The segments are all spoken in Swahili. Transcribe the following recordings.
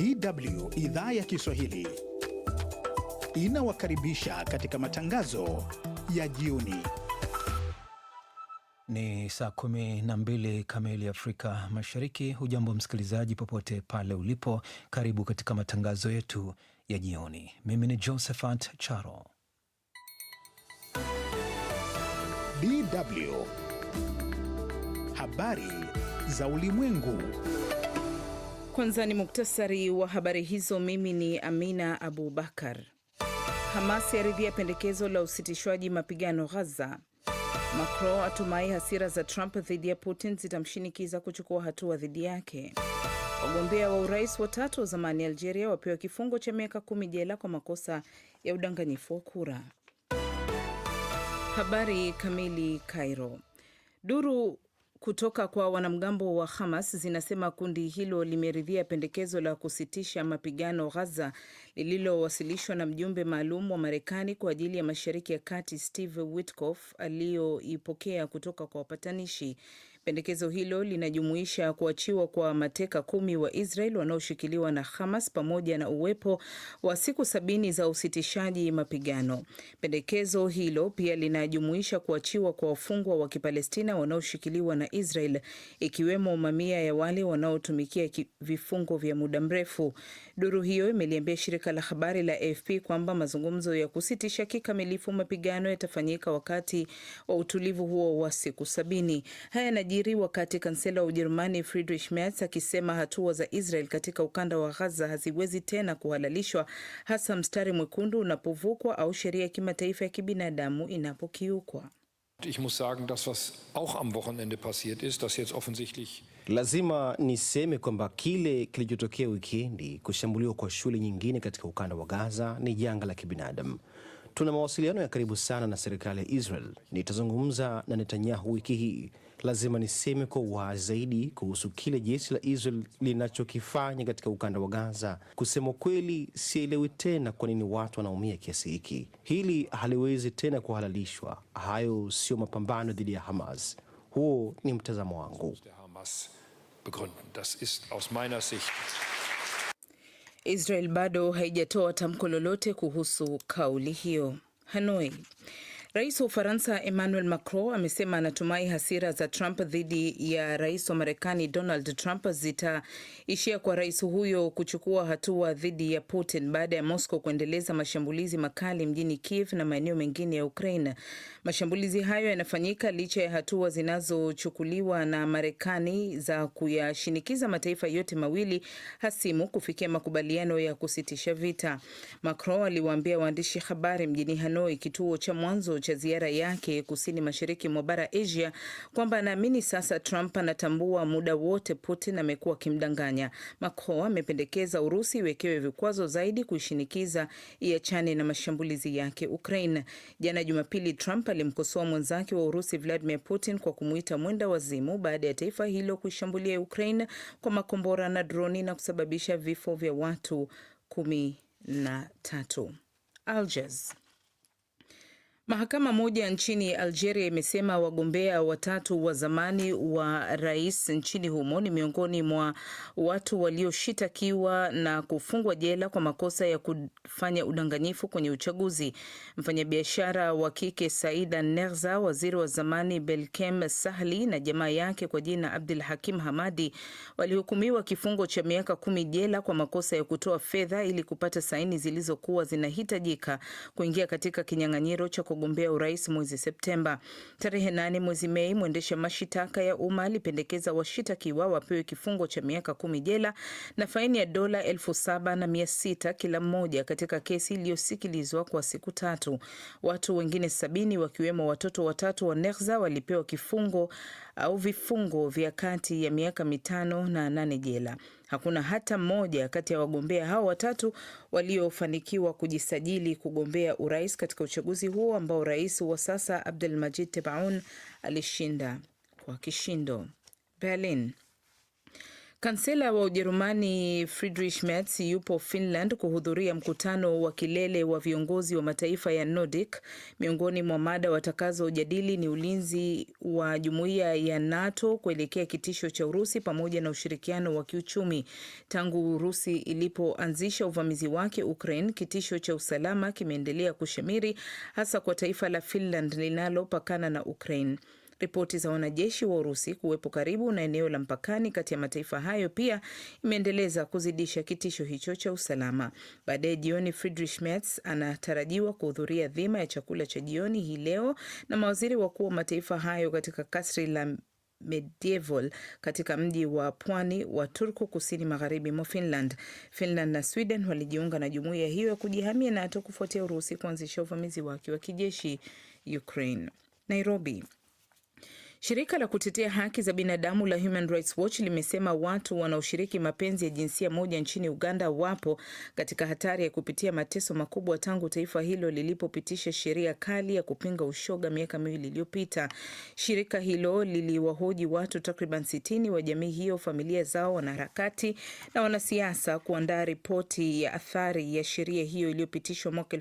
DW idhaa ya Kiswahili inawakaribisha katika matangazo ya jioni. Ni saa kumi na mbili kamili Afrika Mashariki. Hujambo msikilizaji, popote pale ulipo, karibu katika matangazo yetu ya jioni. Mimi ni Josephat Charo. DW habari za ulimwengu kwanza ni muktasari wa habari hizo. Mimi ni Amina Abubakar. Hamas yaridhia pendekezo la usitishwaji mapigano Ghaza. Macron atumai hasira za Trump dhidi ya Putin zitamshinikiza kuchukua hatua dhidi yake. Wagombea wa urais watatu wa zamani Algeria wapewa kifungo cha miaka kumi jela kwa makosa ya udanganyifu wa kura. Habari kamili. Cairo. Duru kutoka kwa wanamgambo wa Hamas zinasema kundi hilo limeridhia pendekezo la kusitisha mapigano Gaza lililowasilishwa na mjumbe maalum wa Marekani kwa ajili ya Mashariki ya Kati Steve Witkoff aliyoipokea kutoka kwa wapatanishi Pendekezo hilo linajumuisha kuachiwa kwa mateka kumi wa Israel wanaoshikiliwa na Hamas pamoja na uwepo wa siku sabini za usitishaji mapigano. Pendekezo hilo pia linajumuisha kuachiwa kwa wafungwa wa Kipalestina wanaoshikiliwa na Israel ikiwemo mamia ya wale wanaotumikia vifungo vya muda mrefu. Duru hiyo imeliambia shirika la habari la AFP kwamba mazungumzo ya kusitisha kikamilifu mapigano yatafanyika wakati wa utulivu huo wa siku sabini. Haya yanajiri wakati kansela wa Ujerumani Friedrich Merz akisema hatua za Israel katika ukanda wa Gaza haziwezi tena kuhalalishwa, hasa mstari mwekundu unapovukwa au sheria ya kimataifa ya kibinadamu inapokiukwa. Ich muss sagen, das was auch am Wochenende passiert ist, das jetzt offensichtlich Lazima niseme kwamba kile kilichotokea wikendi, kushambuliwa kwa shule nyingine katika ukanda wa Gaza ni janga la kibinadamu. Tuna mawasiliano ya karibu sana na serikali ya Israel. Nitazungumza na Netanyahu wiki hii lazima niseme kwa uwazi zaidi kuhusu kile jeshi la Israel linachokifanya katika ukanda wa Gaza. Kusema kweli, sielewi tena kwa nini watu wanaumia kiasi hiki. Hili haliwezi tena kuhalalishwa. Hayo sio mapambano dhidi ya Hamas. Huo ni mtazamo wangu. Israel bado haijatoa tamko lolote kuhusu kauli hiyo. Hanoi. Rais wa Ufaransa Emmanuel Macron amesema anatumai hasira za Trump dhidi ya rais wa Marekani Donald Trump zitaishia kwa rais huyo kuchukua hatua dhidi ya Putin baada ya Moscow kuendeleza mashambulizi makali mjini Kiev na maeneo mengine ya Ukraine. Mashambulizi hayo yanafanyika licha ya hatua zinazochukuliwa na Marekani za kuyashinikiza mataifa yote mawili hasimu kufikia makubaliano ya kusitisha vita. Macron aliwaambia waandishi habari mjini Hanoi, kituo cha mwanzo cha ziara yake kusini mashariki mwa bara Asia kwamba anaamini sasa Trump anatambua muda wote Putin amekuwa akimdanganya. Macron amependekeza Urusi iwekewe vikwazo zaidi kuishinikiza iachane na mashambulizi yake Ukraine. Jana Jumapili, Trump alimkosoa mwenzake wa Urusi Vladimir Putin kwa kumuita mwenda wazimu baada ya taifa hilo kuishambulia Ukraine kwa makombora na droni na kusababisha vifo vya watu kumi na tatu. Algiers Mahakama moja nchini Algeria imesema wagombea watatu wa zamani wa rais nchini humo ni miongoni mwa watu walioshitakiwa na kufungwa jela kwa makosa ya kufanya udanganyifu kwenye uchaguzi. Mfanyabiashara wa kike Saida Nerza, waziri wa zamani Belkem Sahli na jamaa yake kwa jina Abdul Hakim Hamadi walihukumiwa kifungo cha miaka kumi jela kwa makosa ya kutoa fedha ili kupata saini zilizokuwa zinahitajika kuingia katika kinyang'anyiro cha kugombea urais mwezi Septemba. Tarehe nane mwezi Mei, mwendesha mashitaka ya umma alipendekeza washitakiwa wapewe kifungo cha miaka kumi jela na faini ya dola elfu saba na mia sita kila mmoja katika kesi iliyosikilizwa kwa siku tatu. Watu wengine sabini wakiwemo watoto watatu wa nerza walipewa kifungo au vifungo vya kati ya miaka mitano na nane jela. Hakuna hata mmoja kati ya wagombea hao watatu waliofanikiwa kujisajili kugombea urais katika uchaguzi huo ambao rais wa sasa abdul majid Tebaun alishinda kwa kishindo. Berlin. Kansela wa Ujerumani Friedrich Merz yupo Finland kuhudhuria mkutano wa kilele wa viongozi wa mataifa ya Nordic. Miongoni mwa mada watakazojadili ni ulinzi wa jumuiya ya NATO kuelekea kitisho cha Urusi pamoja na ushirikiano wa kiuchumi. Tangu Urusi ilipoanzisha uvamizi wake Ukraine, kitisho cha usalama kimeendelea kushamiri hasa kwa taifa la Finland linalopakana na Ukraine. Ripoti za wanajeshi wa Urusi kuwepo karibu na eneo la mpakani kati ya mataifa hayo pia imeendeleza kuzidisha kitisho hicho cha usalama. Baadaye jioni, Friedrich Merz anatarajiwa kuhudhuria dhima ya chakula cha jioni hii leo na mawaziri wakuu wa mataifa hayo katika kasri la Medieval katika mji wa pwani wa Turku kusini magharibi mwa Finland. Finland na Sweden walijiunga na jumuiya hiyo ya kujihamia NATO kufuatia Urusi kuanzisha uvamizi wake wa kijeshi Ukraine. Nairobi. Shirika la kutetea haki za binadamu la Human Rights Watch limesema watu wanaoshiriki mapenzi ya jinsia moja nchini Uganda wapo katika hatari ya kupitia mateso makubwa tangu taifa hilo lilipopitisha sheria kali ya kupinga ushoga miaka miwili iliyopita. Shirika hilo liliwahoji watu takriban sitini wa jamii hiyo, familia zao, wanaharakati na wanasiasa kuandaa ripoti ya athari ya sheria hiyo iliyopitishwa mwaka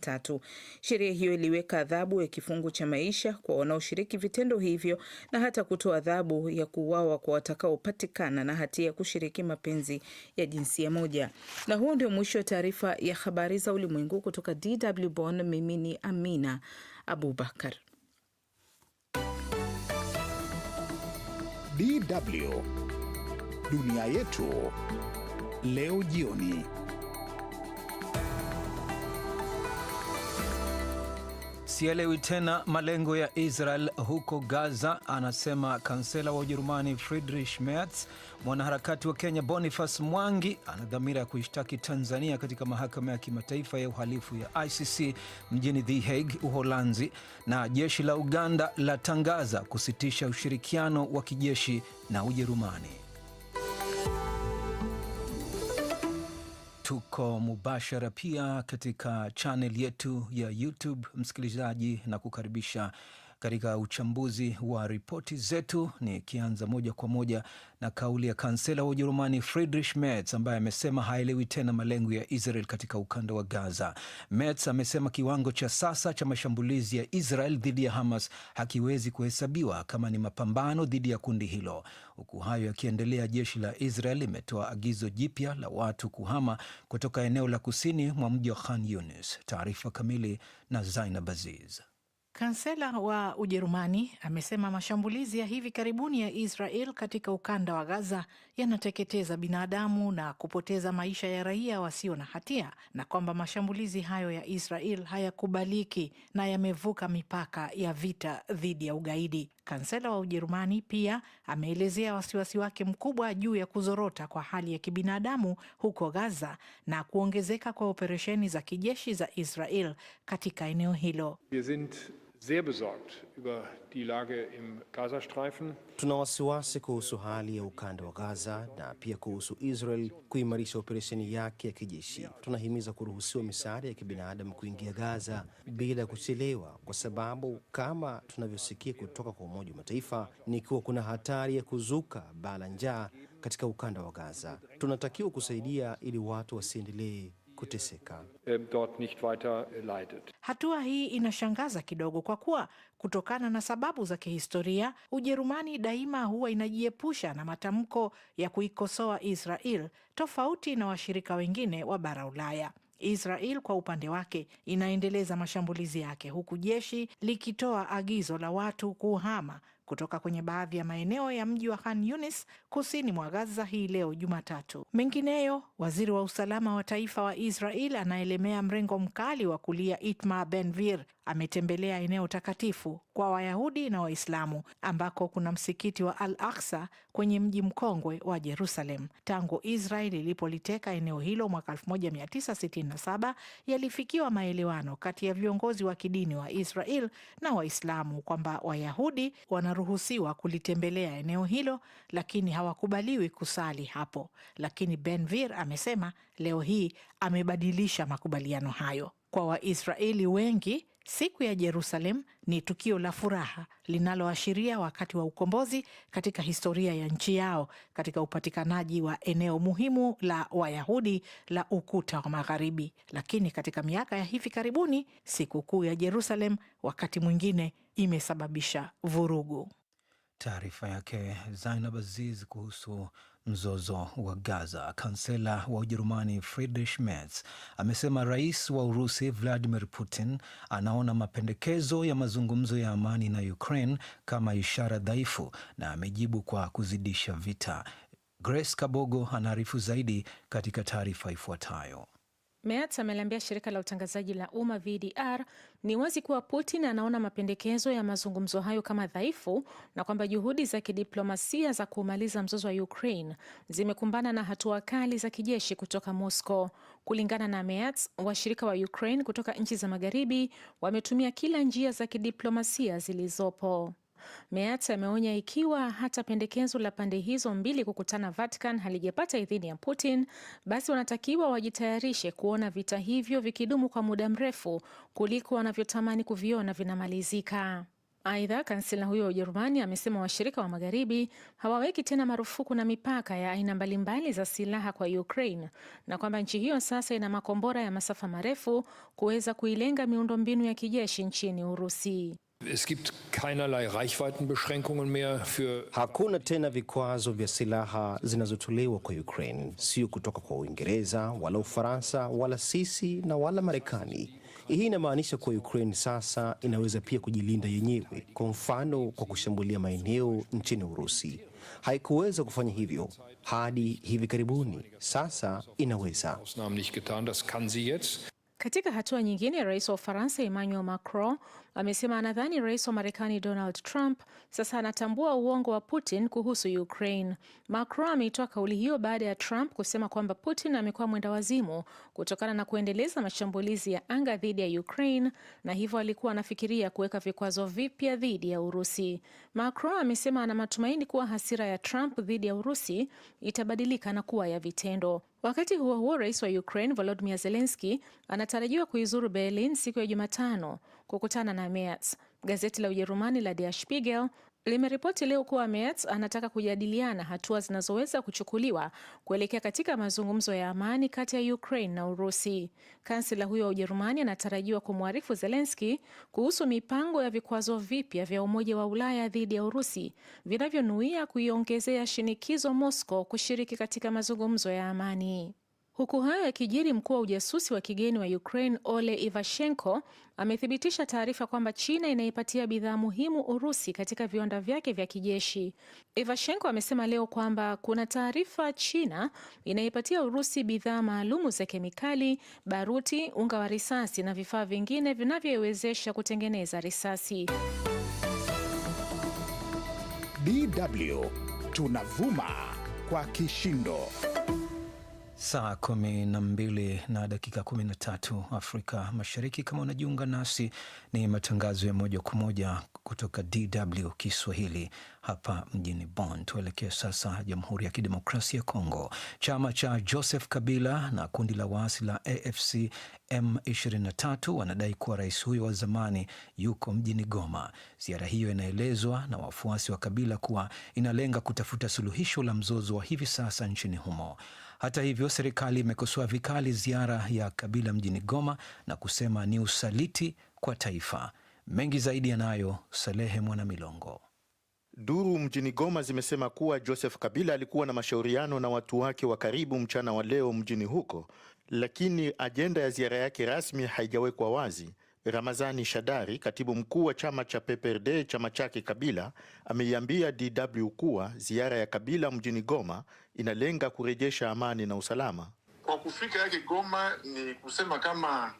tatu. Sheria hiyo iliweka adhabu ya kifungo cha maisha kwa wanaoshiriki vitendo vitendo hivyo na hata kutoa adhabu ya kuuawa kwa watakaopatikana na hatia ya kushiriki mapenzi ya jinsia moja. Na huo ndio mwisho wa taarifa ya habari za ulimwengu kutoka DW Bonn. Mimi ni Amina Abubakar. DW Dunia Yetu Leo Jioni. sielewi tena malengo ya Israel huko Gaza, anasema kansela wa Ujerumani Friedrich Merz. Mwanaharakati wa Kenya Boniface Mwangi ana dhamira ya kuishtaki Tanzania katika mahakama ya kimataifa ya uhalifu ya ICC mjini The Hague, Uholanzi. Na jeshi la Uganda latangaza kusitisha ushirikiano wa kijeshi na Ujerumani. Tuko mubashara pia katika chanel yetu ya YouTube msikilizaji, na kukaribisha katika uchambuzi wa ripoti zetu, nikianza moja kwa moja na kauli ya kansela wa Ujerumani Friedrich Merz ambaye amesema haelewi tena malengo ya Israel katika ukanda wa Gaza. Merz amesema kiwango cha sasa cha mashambulizi ya Israel dhidi ya Hamas hakiwezi kuhesabiwa kama ni mapambano dhidi ya kundi hilo. Huku hayo yakiendelea, jeshi la Israel limetoa agizo jipya la watu kuhama kutoka eneo la kusini mwa mji wa Khan Yunis. Taarifa kamili na Zainab Aziz. Kansela wa Ujerumani amesema mashambulizi ya hivi karibuni ya Israel katika ukanda wa Gaza yanateketeza binadamu na kupoteza maisha ya raia wasio na hatia na kwamba mashambulizi hayo ya Israel hayakubaliki na yamevuka mipaka ya vita dhidi ya ugaidi. Kansela wa Ujerumani pia ameelezea wasiwasi wake mkubwa juu ya kuzorota kwa hali ya kibinadamu huko Gaza na kuongezeka kwa operesheni za kijeshi za Israel katika eneo hilo sehr besorgt über die Lage im Gazastreifen. Tuna wasiwasi kuhusu hali ya ukanda wa Gaza na pia kuhusu Israel kuimarisha operesheni yake ya kijeshi. Tunahimiza kuruhusiwa misaada ya kibinadamu kuingia Gaza bila kuchelewa, kwa sababu kama tunavyosikia kutoka kwa Umoja wa Mataifa ni kuwa kuna hatari ya kuzuka baa njaa katika ukanda wa Gaza. Tunatakiwa kusaidia ili watu wasiendelee kuteseka. Ähm, äh, Hatua hii inashangaza kidogo kwa kuwa kutokana na sababu za kihistoria, Ujerumani daima huwa inajiepusha na matamko ya kuikosoa Israel tofauti na washirika wengine wa bara Ulaya. Israel kwa upande wake inaendeleza mashambulizi yake huku jeshi likitoa agizo la watu kuhama kutoka kwenye baadhi ya maeneo ya mji wa Khan Yunis kusini mwa Gaza hii leo Jumatatu. Mengineyo, waziri wa usalama wa taifa wa Israel anaelemea mrengo mkali wa kulia itma Ben-Gvir ametembelea eneo takatifu kwa Wayahudi na Waislamu ambako kuna msikiti wa Al Aksa kwenye mji mkongwe wa Jerusalem. Tangu Israel ilipoliteka eneo hilo mwaka 1967 yalifikiwa maelewano kati ya viongozi wa kidini wa Israel na Waislamu kwamba Wayahudi wanaruhusiwa kulitembelea eneo hilo, lakini hawakubaliwi kusali hapo. Lakini Ben amesema leo hii amebadilisha makubaliano hayo kwa Waisraeli wengi Siku ya Jerusalem ni tukio la furaha linaloashiria wakati wa ukombozi katika historia ya nchi yao katika upatikanaji wa eneo muhimu la Wayahudi la Ukuta wa Magharibi. Lakini katika miaka ya hivi karibuni, sikukuu ya Jerusalem wakati mwingine imesababisha vurugu. Taarifa yake Zainab Aziz kuhusu mzozo wa Gaza. Kansela wa Ujerumani Friedrich Merz amesema rais wa Urusi Vladimir Putin anaona mapendekezo ya mazungumzo ya amani na Ukraine kama ishara dhaifu na amejibu kwa kuzidisha vita. Grace Kabogo anaarifu zaidi katika taarifa ifuatayo. Merz ameliambia shirika la utangazaji la umma VDR ni wazi kuwa Putin anaona mapendekezo ya mazungumzo hayo kama dhaifu na kwamba juhudi za kidiplomasia za kumaliza mzozo wa Ukraine zimekumbana na hatua kali za kijeshi kutoka Moscow. Kulingana na Merz, washirika wa Ukraine kutoka nchi za Magharibi wametumia kila njia za kidiplomasia zilizopo. Meat ameonya ikiwa hata pendekezo la pande hizo mbili kukutana Vatican halijapata idhini ya Putin, basi wanatakiwa wajitayarishe kuona vita hivyo vikidumu kwa muda mrefu kuliko wanavyotamani kuviona vinamalizika. Aidha, kansela huyo wa Ujerumani amesema washirika wa magharibi hawaweki tena marufuku na mipaka ya aina mbalimbali za silaha kwa Ukraine na kwamba nchi hiyo sasa ina makombora ya masafa marefu kuweza kuilenga miundombinu ya kijeshi nchini Urusi. Es gibt keinerlei Reichweitenbeschränkungen mehr für Hakuna tena vikwazo vya silaha zinazotolewa kwa Ukraine, sio kutoka kwa Uingereza wala Ufaransa wala sisi na wala Marekani. Hii inamaanisha kuwa Ukraine sasa inaweza pia kujilinda yenyewe, kwa mfano kwa kushambulia maeneo nchini Urusi. Haikuweza kufanya hivyo hadi hivi karibuni, sasa inaweza. Katika hatua nyingine, rais wa Ufaransa Emmanuel Macron amesema anadhani rais wa Marekani Donald Trump sasa anatambua uongo wa Putin kuhusu Ukraine. Macron ameitoa kauli hiyo baada ya Trump kusema kwamba Putin amekuwa mwenda wazimu kutokana na kuendeleza mashambulizi ya anga dhidi ya Ukraine na hivyo alikuwa anafikiria kuweka vikwazo vipya dhidi ya Urusi. Macron amesema ana matumaini kuwa hasira ya Trump dhidi ya Urusi itabadilika na kuwa ya vitendo. Wakati huo huo, rais wa Ukraine Volodymyr Zelensky anatarajiwa kuizuru Berlin siku ya Jumatano kukutana na Merz. Gazeti la Ujerumani la Der Spiegel limeripoti leo kuwa Merz anataka kujadiliana hatua zinazoweza kuchukuliwa kuelekea katika mazungumzo ya amani kati ya Ukraine na Urusi. Kansela huyo wa Ujerumani anatarajiwa kumwarifu Zelensky kuhusu mipango ya vikwazo vipya vya Umoja wa Ulaya dhidi ya Urusi vinavyonuia kuiongezea shinikizo Moscow kushiriki katika mazungumzo ya amani. Huku haya yakijiri, mkuu wa ujasusi wa kigeni wa Ukraine Ole Ivashenko amethibitisha taarifa kwamba China inaipatia bidhaa muhimu Urusi katika viwanda vyake vya kijeshi. Ivashenko amesema leo kwamba kuna taarifa China inaipatia Urusi bidhaa maalumu za kemikali, baruti, unga wa risasi na vifaa vingine vinavyoiwezesha kutengeneza risasi. DW tunavuma kwa kishindo. Saa kumi na mbili na dakika kumi na tatu Afrika Mashariki. Kama unajiunga nasi, ni matangazo ya moja kwa moja kutoka DW Kiswahili hapa mjini Bonn. Tuelekee sasa Jamhuri ya Kidemokrasia ya Kongo. Chama cha Joseph Kabila na kundi la waasi la AFC M23 wanadai kuwa rais huyo wa zamani yuko mjini Goma. Ziara hiyo inaelezwa na wafuasi wa Kabila kuwa inalenga kutafuta suluhisho la mzozo wa hivi sasa nchini humo. Hata hivyo, serikali imekosoa vikali ziara ya Kabila mjini Goma na kusema ni usaliti kwa taifa. Mengi zaidi yanayo Salehe Mwanamilongo. Duru mjini Goma zimesema kuwa Joseph Kabila alikuwa na mashauriano na watu wake wa karibu mchana wa leo mjini huko, lakini ajenda ya ziara yake rasmi haijawekwa wazi. Ramazani Shadari, katibu mkuu wa chama cha PPRD chama chake Kabila, ameiambia DW kuwa ziara ya Kabila mjini Goma inalenga kurejesha amani na usalama. Kwa kufika yake Goma ni kusema kama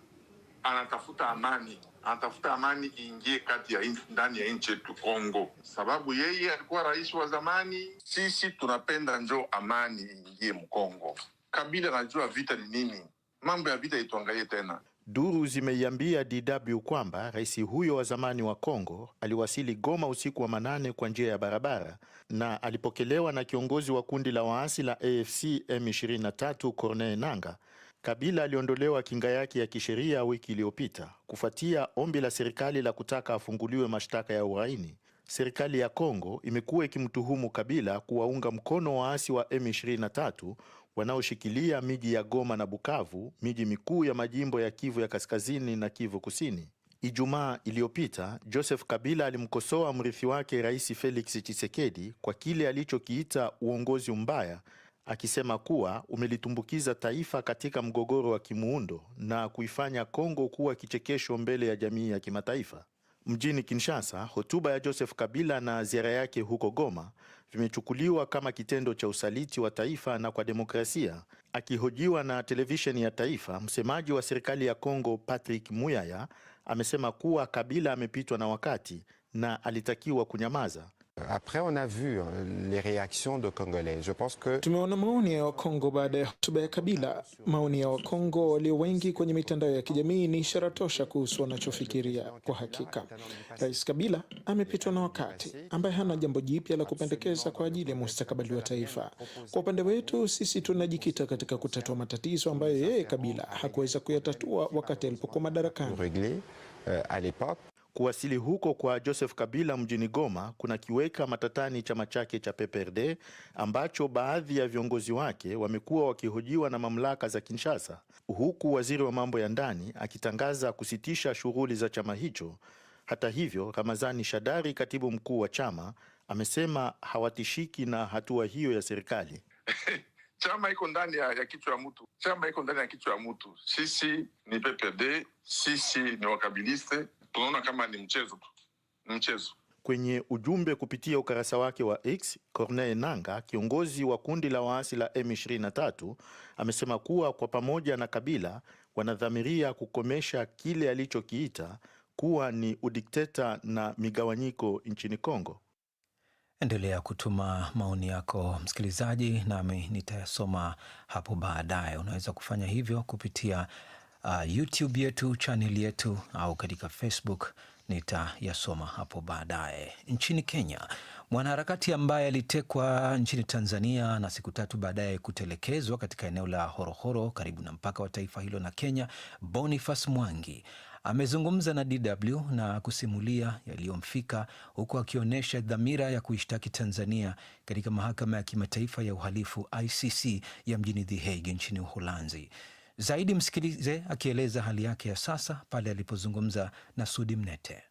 anatafuta amani, anatafuta amani iingie kati ya ndani ya nchi yetu Kongo, sababu yeye alikuwa rais wa zamani. Sisi tunapenda njo amani iingie Mkongo. Kabila anajua vita ni nini, mambo ya vita ituangalie tena. Duru zimeiambia DW kwamba rais huyo wa zamani wa Kongo aliwasili Goma usiku wa manane kwa njia ya barabara na alipokelewa na kiongozi wa kundi la waasi la AFC M23 Corneille nanga Kabila aliondolewa kinga yake ya kisheria wiki iliyopita kufuatia ombi la serikali la kutaka afunguliwe mashtaka ya uhaini. Serikali ya Kongo imekuwa ikimtuhumu Kabila kuwaunga mkono waasi wa M23 wanaoshikilia miji ya Goma na Bukavu, miji mikuu ya majimbo ya Kivu ya Kaskazini na Kivu Kusini. Ijumaa iliyopita Joseph Kabila alimkosoa mrithi wake Rais Felix Tshisekedi kwa kile alichokiita uongozi mbaya, akisema kuwa umelitumbukiza taifa katika mgogoro wa kimuundo na kuifanya Kongo kuwa kichekesho mbele ya jamii ya kimataifa. Mjini Kinshasa, hotuba ya Joseph Kabila na ziara yake huko Goma vimechukuliwa kama kitendo cha usaliti wa taifa na kwa demokrasia. Akihojiwa na televisheni ya taifa, msemaji wa serikali ya Kongo Patrick Muyaya amesema kuwa Kabila amepitwa na wakati na alitakiwa kunyamaza. Après, on a vu les réactions de Congolais. Je pense que tumeona maoni ya Wakongo baada ya hotuba ya Kabila. Maoni ya Wakongo walio wengi kwenye mitandao ya kijamii ni ishara tosha kuhusu wanachofikiria. Kwa hakika, Rais Kabila amepitwa na wakati, ambaye hana jambo jipya la kupendekeza kwa ajili ya mustakabali wa taifa. Kwa upande wetu sisi, tunajikita katika kutatua matatizo ambayo yeye Kabila hakuweza kuyatatua wakati alipokuwa madarakani. Kuwasili huko kwa Joseph Kabila mjini Goma kunakiweka matatani chama chake cha PPRD ambacho baadhi ya viongozi wake wamekuwa wakihojiwa na mamlaka za Kinshasa, huku waziri wa mambo ya ndani akitangaza kusitisha shughuli za chama hicho. Hata hivyo, Ramazani Shadari, katibu mkuu wa chama, amesema hawatishiki na hatua hiyo ya serikali. Chama iko ndani ya, ya kichwa ya mtu. Chama iko ndani ya kichwa ya mtu. Sisi ni PPRD, sisi ni wakabiliste tunaona kama ni mchezo mchezo. Kwenye ujumbe kupitia ukurasa wake wa X, Corneille Nanga, kiongozi wa kundi la waasi la M23, amesema kuwa kwa pamoja na Kabila wanadhamiria kukomesha kile alichokiita kuwa ni udikteta na migawanyiko nchini Kongo. Endelea kutuma maoni yako msikilizaji, nami nitayasoma hapo baadaye. Unaweza kufanya hivyo kupitia uh, YouTube yetu chanel yetu au katika Facebook nitayasoma hapo baadaye. Nchini Kenya, mwanaharakati ambaye alitekwa nchini Tanzania na siku tatu baadaye kutelekezwa katika eneo la Horohoro karibu na mpaka wa taifa hilo na Kenya, Boniface Mwangi amezungumza na DW na kusimulia yaliyomfika huku akionyesha dhamira ya kuishtaki Tanzania katika mahakama ya kimataifa ya uhalifu ICC ya mjini The Hague nchini Uholanzi. Zaidi msikilize akieleza hali yake ya sasa pale alipozungumza na Sudi Mnete.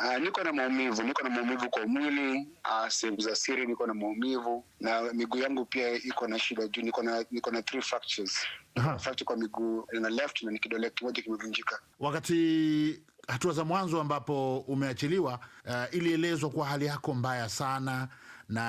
Uh, niko na maumivu, niko na maumivu kwa mwili, uh, sehemu za siri niko na maumivu na miguu yangu pia iko na shida juu niko na niko na three fractures. Fracture kwa miguu na left na ni kidole kimoja kimevunjika. Wakati hatua za mwanzo ambapo umeachiliwa, uh, ilielezwa kuwa hali yako mbaya sana na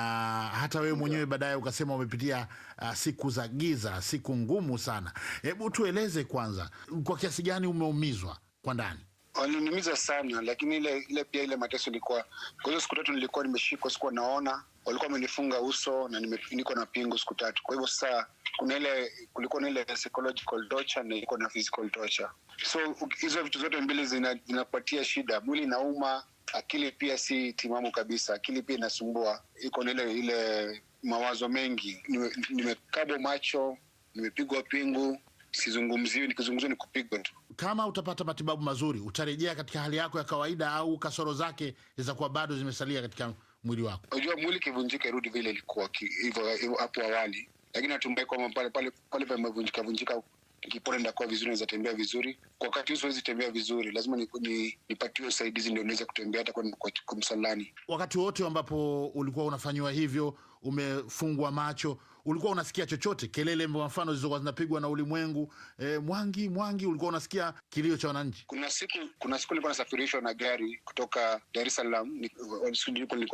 hata wewe mwenyewe baadaye ukasema umepitia uh, siku za giza, siku ngumu sana. Hebu tueleze kwanza, kwa kiasi gani umeumizwa kwa ndani? Waliniumiza ah, sana, lakini ile ile pia ile mateso ilikuwa kwa siku tatu nilikuwa nimeshikwa, sikuwa naona, walikuwa wamenifunga uso na nimefunikwa na pingu siku tatu. Kwa hivyo sasa kuna ile kulikuwa na ile psychological torture na ilikuwa na physical torture, so hizo vitu zote mbili zinapatia zina shida, mwili inauma, akili pia si timamu kabisa, akili pia inasumbua, iko na ile ile mawazo mengi. Nimekabwa nime macho, nimepigwa pingu, sizungumziwi, nikizungumziwa ni kupigwa tu. Kama utapata matibabu mazuri, utarejea katika hali yako ya kawaida, au kasoro zake zitakuwa bado zimesalia katika mwili wako? Unajua, mwili kivunjika irudi vile ilikuwa hivyo hapo awali, lakini natumbai kwamba pale pale pale pamevunjika vunjika kiporo ndakuwa vizuri, naweza tembea vizuri. Kwa wakati huu siwezi tembea vizuri, lazima nipatiwe ni usaidizi ndio niweze kutembea hata kumsalani Wakati wote ambapo ulikuwa unafanyiwa hivyo, umefungwa macho, ulikuwa unasikia chochote, kelele mfano zilizokuwa zinapigwa na ulimwengu e, Mwangi Mwangi, ulikuwa unasikia kilio cha wananchi? Kuna siku kuna siku nilikuwa nasafirishwa na gari kutoka Dar es Salaam,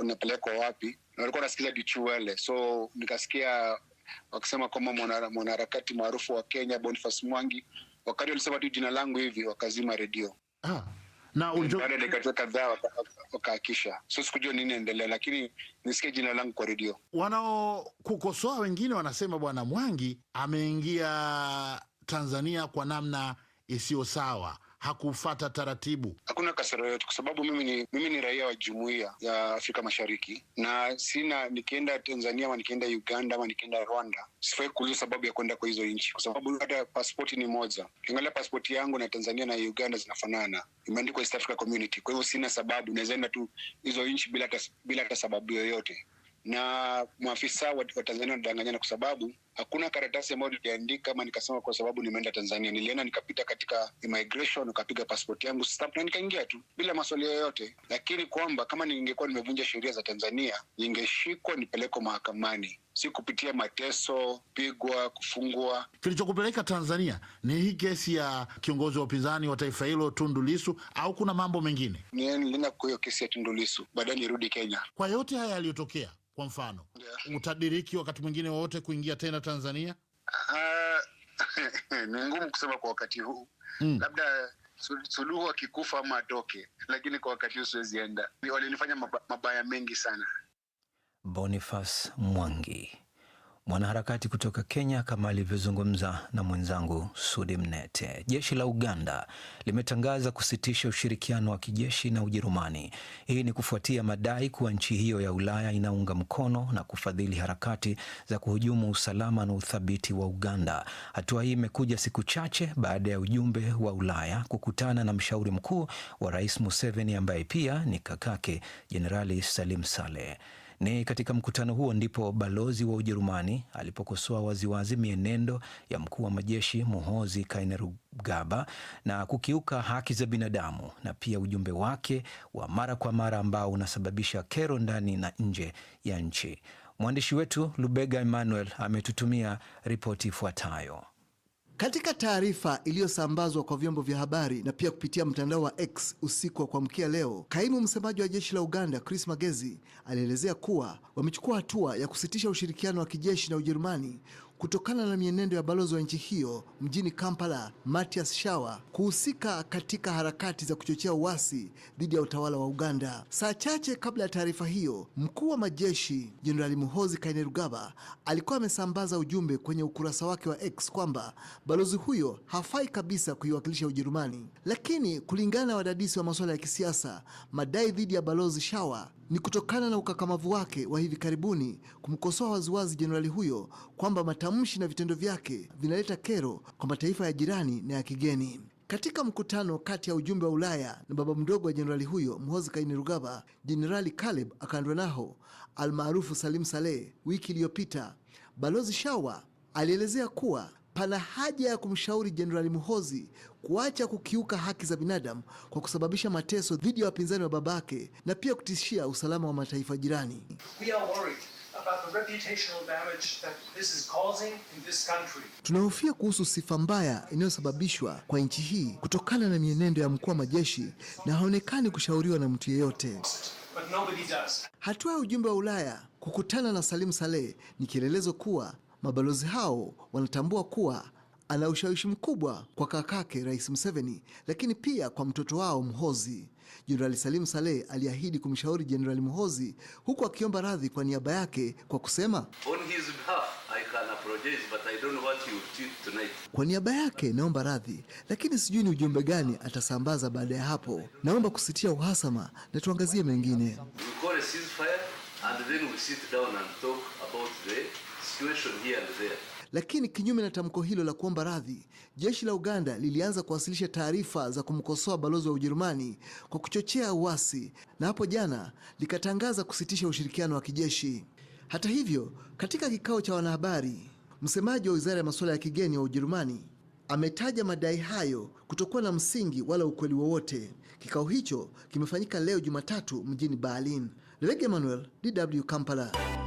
napelekwa wapi, na walikuwa nasikiliza Dichuele, so nikasikia wakisema kwamba mwanaharakati maarufu wa Kenya Boniface Mwangi, wakati walisema tu jina langu hivi wakazima redio ah, kadhaa wakaakisha, so sikujua nini endelea, lakini nisikie jina langu kwa redio. Wanaokukosoa wengine wanasema bwana Mwangi ameingia Tanzania kwa namna isiyo sawa hakufata taratibu? Hakuna kasoro yoyote, kwa sababu mimi ni, mimi ni raia wa jumuiya ya Afrika Mashariki na sina, nikienda Tanzania ama nikienda Uganda ama nikienda Rwanda sifai kuuliza sababu ya kwenda kwa hizo nchi, kwa sababu hata paspoti ni moja. Ukiangalia paspoti yangu na Tanzania na Uganda zinafanana, imeandikwa East Africa Community. Kwa hivyo sina sababu, naweza enda tu hizo nchi bila hata bila sababu yoyote na maafisa wa, wa Tanzania wanadanganyana kwa sababu hakuna karatasi ambayo niliandika ama nikasema kwa sababu nimeenda Tanzania. Nilienda nikapita katika immigration, nikapiga passport yangu stamp na nikaingia tu bila maswali yoyote, lakini kwamba kama ningekuwa nimevunja sheria za Tanzania ningeshikwa nipelekwa mahakamani, si kupitia mateso, pigwa, kufungwa. Kilichokupeleka Tanzania ni hii kesi ya kiongozi wa upinzani wa taifa hilo Tundu au kuna mambo mengine? Nilienda kwa hiyo kesi ya Tundu baadaye nirudi Kenya. Kwa yote haya yaliyotokea kwa mfano yeah. Utadiriki wakati mwingine wowote kuingia tena Tanzania? Uh, ni ngumu kusema kwa wakati huu mm. Labda Suluhu akikufa ama atoke, lakini kwa wakati huu siwezi enda. Walinifanya mabaya mengi sana. Boniface Mwangi Mwanaharakati kutoka Kenya kama alivyozungumza na mwenzangu Sudi Mnete. Jeshi la Uganda limetangaza kusitisha ushirikiano wa kijeshi na Ujerumani. Hii ni kufuatia madai kuwa nchi hiyo ya Ulaya inaunga mkono na kufadhili harakati za kuhujumu usalama na uthabiti wa Uganda. Hatua hii imekuja siku chache baada ya ujumbe wa Ulaya kukutana na mshauri mkuu wa Rais Museveni ambaye pia ni kakake Jenerali Salim Saleh. Ni katika mkutano huo ndipo balozi wa Ujerumani alipokosoa waziwazi mienendo ya mkuu wa majeshi Muhoozi Kainerugaba na kukiuka haki za binadamu na pia ujumbe wake wa mara kwa mara ambao unasababisha kero ndani na nje ya nchi. Mwandishi wetu Lubega Emmanuel ametutumia ripoti ifuatayo. Katika taarifa iliyosambazwa kwa vyombo vya habari na pia kupitia mtandao wa X usiku wa kuamkia leo, kaimu msemaji wa jeshi la Uganda Chris Magezi alielezea kuwa wamechukua hatua ya kusitisha ushirikiano wa kijeshi na Ujerumani kutokana na mienendo ya balozi wa nchi hiyo mjini Kampala, Matias Shawa, kuhusika katika harakati za kuchochea uasi dhidi ya utawala wa Uganda. Saa chache kabla ya taarifa hiyo, mkuu wa majeshi Jenerali Muhozi Kainerugaba alikuwa amesambaza ujumbe kwenye ukurasa wake wa X kwamba balozi huyo hafai kabisa kuiwakilisha Ujerumani, lakini kulingana na wadadisi wa masuala ya kisiasa, madai dhidi ya balozi Shawa ni kutokana na ukakamavu wake wa hivi karibuni kumkosoa waziwazi jenerali huyo kwamba matamshi na vitendo vyake vinaleta kero kwa mataifa ya jirani na ya kigeni. Katika mkutano kati ya ujumbe wa Ulaya na baba mdogo wa jenerali huyo Mhozi Kainerugaba, Jenerali Kaleb Akandwanaho almaarufu Salim Saleh, wiki iliyopita, Balozi Shawa alielezea kuwa pana haja ya kumshauri Jenerali mhozi kuacha kukiuka haki za binadamu kwa kusababisha mateso dhidi ya wapinzani wa babake na pia kutishia usalama wa mataifa jirani. Tunahofia kuhusu sifa mbaya inayosababishwa kwa nchi hii kutokana na mienendo ya mkuu wa majeshi na haonekani kushauriwa na mtu yeyote. Hatua ya ujumbe wa Ulaya kukutana na Salim Saleh ni kielelezo kuwa mabalozi hao wanatambua kuwa ana ushawishi mkubwa kwa kakake Rais Museveni, lakini pia kwa mtoto wao mhozi Jenerali Salim Saleh aliahidi kumshauri Jenerali mhozi huku akiomba radhi kwa niaba yake kwa kusema On his behalf, Kwa niaba yake naomba radhi, lakini sijui ni ujumbe gani atasambaza baada ya hapo. Naomba kusitia uhasama na tuangazie mengine. Lakini kinyume na tamko hilo la kuomba radhi, jeshi la Uganda lilianza kuwasilisha taarifa za kumkosoa balozi wa Ujerumani kwa kuchochea uasi na hapo jana likatangaza kusitisha ushirikiano wa kijeshi. Hata hivyo, katika kikao cha wanahabari, msemaji wa wizara ya masuala ya kigeni wa Ujerumani ametaja madai hayo kutokuwa na msingi wala ukweli wowote. Kikao hicho kimefanyika leo Jumatatu mjini Berlin. Lege Manuel, DW Kampala.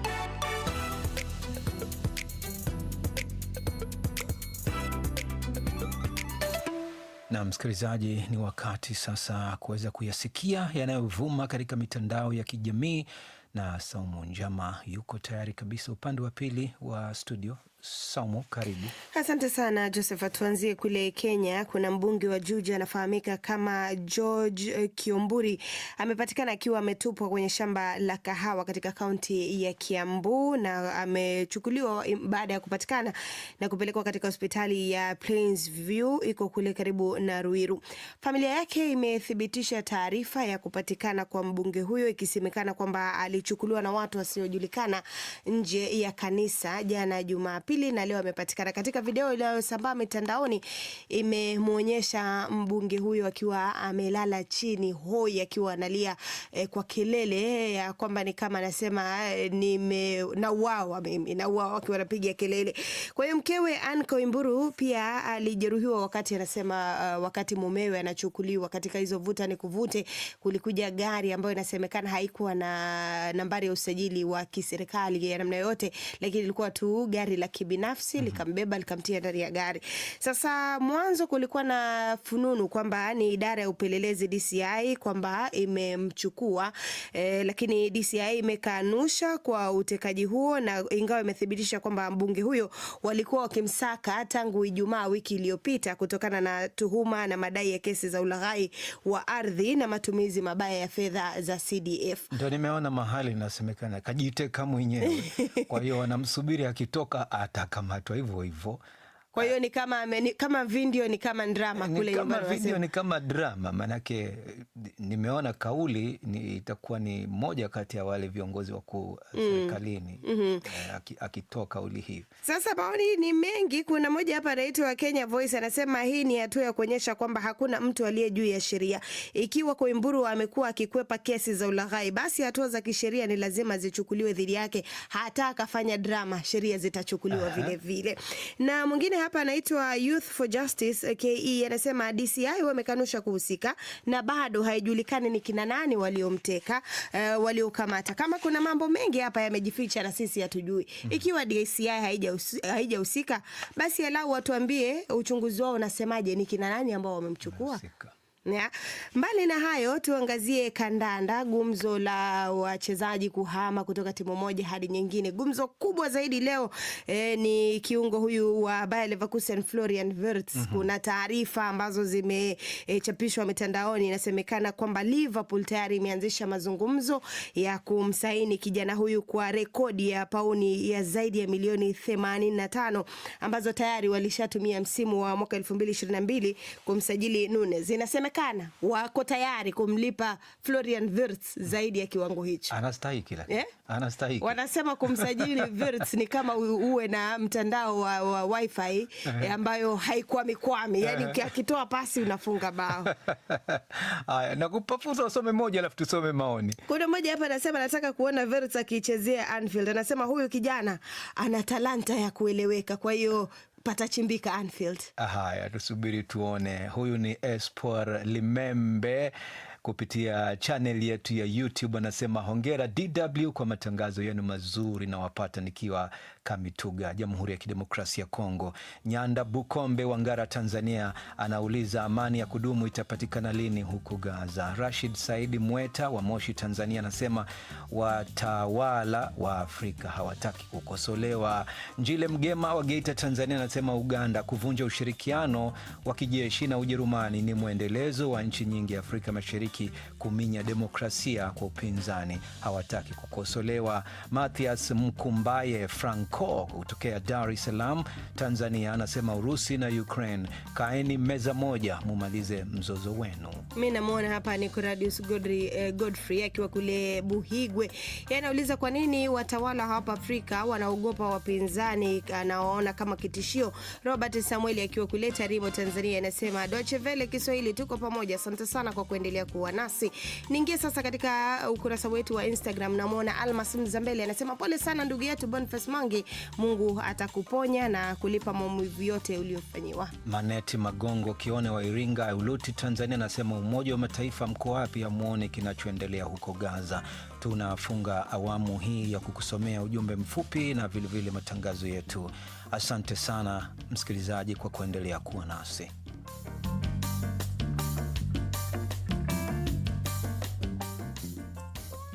Na msikilizaji, ni wakati sasa kuweza kuyasikia yanayovuma katika mitandao ya kijamii, na Saumu Njama yuko tayari kabisa upande wa pili wa studio Saumu, karibu. Asante sana Joseph, tuanzie kule Kenya. Kuna mbunge wa Juja anafahamika kama George eh, Kiomburi amepatikana akiwa ametupwa kwenye shamba la kahawa katika kaunti ya Kiambu na amechukuliwa baada ya kupatikana na kupelekwa katika hospitali ya Plainsview iko kule karibu na Ruiru. Familia yake imethibitisha taarifa ya kupatikana kwa mbunge huyo ikisemekana kwamba alichukuliwa na watu wasiojulikana nje ya kanisa jana Jumapili pili na leo amepatikana. Katika video iliyosambaa mitandaoni imemwonyesha mbunge huyo akiwa amelala chini hoi akiwa analia eh, kwa kelele eh, ya kwamba ni kama anasema eh, nime nauawa mimi nauawa, akiwa anapiga kelele. Kwa hiyo mkewe Anne Koimburu pia alijeruhiwa wakati anasema uh, wakati mumewe anachukuliwa katika hizo vuta ni kuvute, kulikuja gari ambayo inasemekana haikuwa na nambari ya usajili wa kiserikali ya namna yote, lakini ilikuwa tu gari la kibinafsi mm -hmm. likambeba likamtia ndani ya gari. Sasa mwanzo kulikuwa na fununu kwamba ni idara ya upelelezi DCI kwamba imemchukua e, lakini DCI imekanusha kwa utekaji huo, na ingawa imethibitisha kwamba mbunge huyo walikuwa wakimsaka tangu Ijumaa wiki iliyopita kutokana na tuhuma na madai ya kesi za ulaghai wa ardhi na matumizi mabaya ya fedha za CDF. Ndio nimeona mahali inasemekana kajiteka mwenyewe, kwa hiyo wanamsubiri akitoka at atakamatwa hivyo hivyo, kwa hiyo ni kama ni, kama video ni kama drama kule ni Kama video ni kama drama, manake nimeona kauli ni, itakuwa ni moja kati ya wale viongozi wakuu uh, mm. serikalini mm. mm -hmm. akitoa kauli hii. Sasa maoni ni mengi. Kuna moja hapa anaitwa wa Kenya Voice anasema hii ni hatua ya kuonyesha kwamba hakuna mtu aliye juu ya sheria. Ikiwa Koimburu amekuwa akikwepa kesi za ulaghai, basi hatua za kisheria ni lazima zichukuliwe dhidi yake, hata akafanya drama, sheria zitachukuliwa vile vile. Na mwingine hapa anaitwa Youth for Justice KE anasema DCI wamekanusha kuhusika na bado haijulikani ni kina nani waliomteka, uh, waliokamata. Kama kuna mambo mengi hapa yamejificha na sisi hatujui. Hmm. Ikiwa DCI haijahusika, basi alau watuambie uchunguzi wao unasemaje, ni kina nani ambao wamemchukua. Yeah. Mbali na hayo tuangazie kandanda, gumzo la wachezaji kuhama kutoka timu moja hadi nyingine. Gumzo kubwa zaidi leo eh, ni kiungo huyu wa Bayer Leverkusen Florian Wirtz. Mm -hmm. Kuna taarifa ambazo zimechapishwa eh, mitandaoni, inasemekana kwamba Liverpool tayari imeanzisha mazungumzo ya kumsaini kijana huyu kwa rekodi ya pauni ya zaidi ya milioni 85 ambazo tayari walishatumia msimu wa mwaka 2022 kumsajili Nunes. Inasema inawezekana wako tayari kumlipa Florian Wirtz zaidi ya kiwango hicho. Anastahili yeah? Anastahili. Wanasema kumsajili Wirtz ni kama uwe na mtandao wa, wa wifi eh. ambayo haikwami kwami, eh. yani akitoa pasi unafunga bao. Haya, nakupa fursa usome moja alafu tusome maoni. Kuna moja hapa anasema nataka kuona Wirtz akichezea Anfield. Anasema huyu kijana ana talanta ya kueleweka, kwa hiyo patachimbika Anfield. Haya, tusubiri tuone. Huyu ni Espoir Limembe kupitia channel yetu ya YouTube anasema hongera DW kwa matangazo yenu mazuri, na wapata nikiwa Kamituga, Jamhuri ya Kidemokrasia ya Kongo. Nyanda Bukombe wa Ngara, Tanzania, anauliza amani ya kudumu itapatikana lini huku Gaza? Rashid Saidi Mweta wa Moshi, Tanzania, anasema watawala wa Afrika hawataki kukosolewa. Njile Mgema wa Geita, Tanzania, anasema Uganda kuvunja ushirikiano wa kijeshi na Ujerumani ni mwendelezo wa nchi nyingi Afrika Mashariki kuminya demokrasia kwa upinzani, hawataki kukosolewa. Mathias Mkumbaye Franco kutokea Dar es Salaam, Tanzania, anasema Urusi na Ukraine, kaeni meza moja mumalize mzozo wenu. Mi namwona hapa ni Kuradius eh, Godfrey eh, akiwa kule Buhigwe, anauliza kwa nini watawala hapa Afrika wanaogopa wapinzani anaoona kama kitishio. Robert Samueli akiwa kule Tarimo, Tanzania, anasema Deutsche Welle Kiswahili, tuko pamoja. Asante sana kwa kuendelea kuwa nasi. Niingie sasa katika ukurasa wetu wa Instagram, namwona Almas Mzambele anasema pole sana ndugu yetu Boniface Mangi, Mungu atakuponya na kulipa maumivu yote uliofanyiwa Maneti Magongo Kione wa Iringa Uluti, Tanzania anasema Umoja wa Mataifa mko wapi? Amuone kinachoendelea huko Gaza. Tunafunga awamu hii ya kukusomea ujumbe mfupi na vilevile vile matangazo yetu. Asante sana msikilizaji kwa kuendelea kuwa nasi.